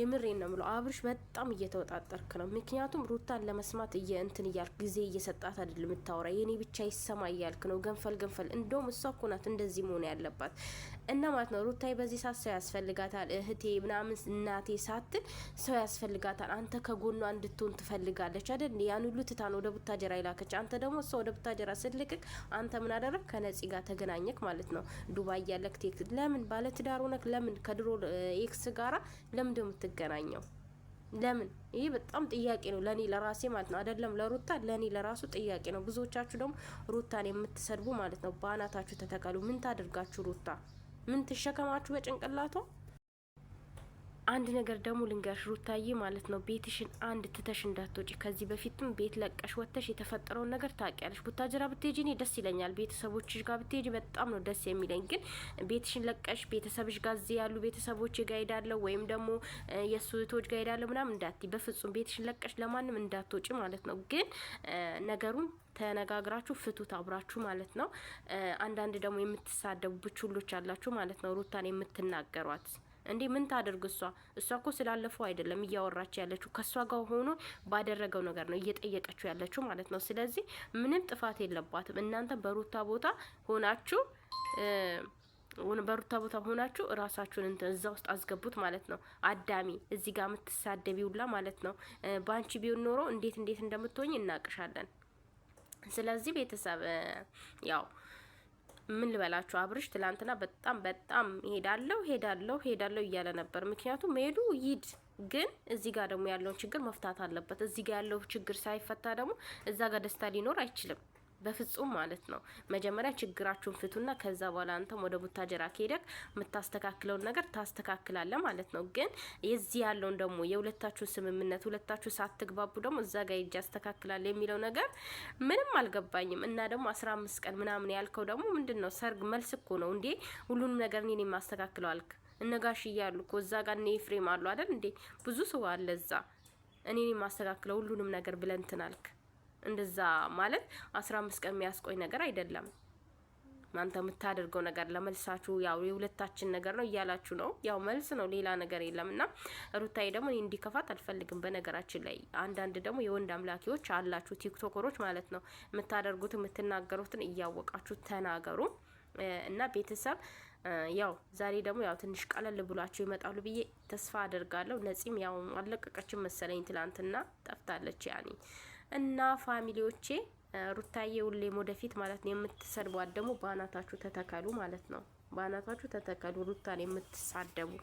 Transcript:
የምሬን ነው የምለው አብርሽ በጣም እየተወጣጠርክ ነው። ምክንያቱም ሩታን ለመስማት እንትን እያልክ ጊዜ እየሰጣት አይደል የምታወራ የኔ ብቻ ይሰማ እያልክ ነው። ገንፈል ገንፈል። እንደውም እሷ እኮ ናት እንደዚህ መሆን ያለባት እና ማለት ነው ሩታዬ በዚህ ሰዓት ሰው ያስፈልጋታል። እህቴ ምናምን እናቴ ሳትል ሰው ያስፈልጋታል። አንተ ከጎኗ እንድትሆን ትፈልጋለች አይደል? ያን ሁሉ ትታ ነው ወደ ቡታጀራ ይላከች። አንተ ደግሞ እሷ ወደ ቡታጀራ ስልክክ አንተ ምን አደረግ ከነጺ ጋር ተገናኘክ ማለት ነው። ዱባይ ያለክ ቴክ ለምን ባለትዳር ሆነክ ለምን ከድሮ ኤክስ ጋራ ለምን ደሞ የምትገናኘው? ለምን? ይሄ በጣም ጥያቄ ነው ለእኔ ለራሴ ማለት ነው። አይደለም ለሩታ ለእኔ ለራሱ ጥያቄ ነው። ብዙዎቻችሁ ደግሞ ሩታን የምትሰድቡ ማለት ነው። በአናታችሁ ተተቀሉ። ምን ታደርጋችሁ ሩታ ምን ትሸከማችሁ በጭንቅላቷ አንድ ነገር ደግሞ ልንገርሽ ሩታዬ ማለት ነው ቤትሽን አንድ ትተሽ እንዳትወጪ። ከዚህ በፊትም ቤት ለቀሽ ወጥተሽ የተፈጠረውን ነገር ታውቂያለሽ። ቡታጅራ ብትሄጂ እኔ ደስ ይለኛል፣ ቤተሰቦችሽ ጋር ብትሄጂ በጣም ነው ደስ የሚለኝ። ግን ቤትሽን ለቀሽ ቤተሰብሽ ጋር እዚህ ያሉ ቤተሰቦች ጋር ሄዳለሁ ወይም ደግሞ የእሱ እህቶች ጋር ሄዳለሁ ምናምን እንዳትዪ፣ በፍጹም ቤትሽን ለቀሽ ለማንም እንዳትወጪ ማለት ነው። ግን ነገሩን ተነጋግራችሁ ፍቱት አብራችሁ ማለት ነው። አንዳንድ ደግሞ የምትሳደቡ ብችሎች አላችሁ ማለት ነው ሩታን የምትናገሯት እንዴ ምን ታደርግ እሷ እሷ እኮ ስላለፈው አይደለም እያወራች ያለችው ከእሷ ጋር ሆኖ ባደረገው ነገር ነው እየጠየቀችው ያለችው ማለት ነው። ስለዚህ ምንም ጥፋት የለባትም። እናንተ በሩታ ቦታ ሆናችሁ በሩታ ቦታ ሆናችሁ እራሳችሁን እንትን እዛ ውስጥ አስገቡት ማለት ነው። አዳሚ እዚህ ጋር የምትሳደቢውላ ማለት ነው። በአንቺ ቢሆን ኖሮ እንዴት እንዴት እንደምትሆኝ እናቅሻለን። ስለዚህ ቤተሰብ ያው ምን ልበላችሁ አብርሽ ትላንትና በጣም በጣም ሄዳለሁ ሄዳለሁ ሄዳለሁ እያለ ነበር። ምክንያቱም መሄዱ ይድ ግን እዚህ ጋር ደግሞ ያለውን ችግር መፍታት አለበት። እዚህ ጋር ያለው ችግር ሳይፈታ ደግሞ እዛ ጋር ደስታ ሊኖር አይችልም። በፍጹም ማለት ነው። መጀመሪያ ችግራችሁን ፍቱና ከዛ በኋላ አንተም ወደ ቡታጀራ ከሄደክ የምታስተካክለውን ነገር ታስተካክላለ ማለት ነው። ግን የዚህ ያለውን ደግሞ የሁለታችሁ ስምምነት ሁለታችሁ ሳትግባቡ ደግሞ እዛ ጋር ሄጄ የሚለው ነገር ምንም አልገባኝም። እና ደግሞ አስራ አምስት ቀን ምናምን ያልከው ደግሞ ምንድን ነው? ሰርግ መልስ እኮ ነው እንዴ? ሁሉንም ነገር እኔን የማስተካክለው አልክ። እነጋሽ እያሉ እኮ እዛ ጋር እነ ፍሬም አሉ አይደል እንዴ? ብዙ ሰው አለ እዛ እኔን የማስተካክለው ሁሉንም ነገር ብለህ እንትን አልክ። እንደዛ ማለት አስራ አምስት ቀን የሚያስቆይ ነገር አይደለም። ማንተ የምታደርገው ነገር ለመልሳችሁ ያው የሁለታችን ነገር ነው እያላችሁ ነው። ያው መልስ ነው፣ ሌላ ነገር የለም። እና ሩታዬ ደግሞ እኔ እንዲከፋት አልፈልግም። በነገራችን ላይ አንዳንድ ደግሞ የወንድ አምላኪዎች አላችሁ፣ ቲክቶከሮች ማለት ነው። የምታደርጉት የምትናገሩትን እያወቃችሁ ተናገሩ እና ቤተሰብ ያው ዛሬ ደግሞ ያው ትንሽ ቀለል ብሏቸው ይመጣሉ ብዬ ተስፋ አደርጋለሁ። ነፂም ያው አለቀቀችም መሰለኝ፣ ትላንትና ጠፍታለች ያኔ እና ፋሚሊዎቼ ሩታዬ ሁሌም ወደፊት ማለት ነው የምትሰድቧት ደግሞ በአናታችሁ ተተከሉ ማለት ነው። በአናታችሁ ተተከሉ ሩታን የምትሳደቡ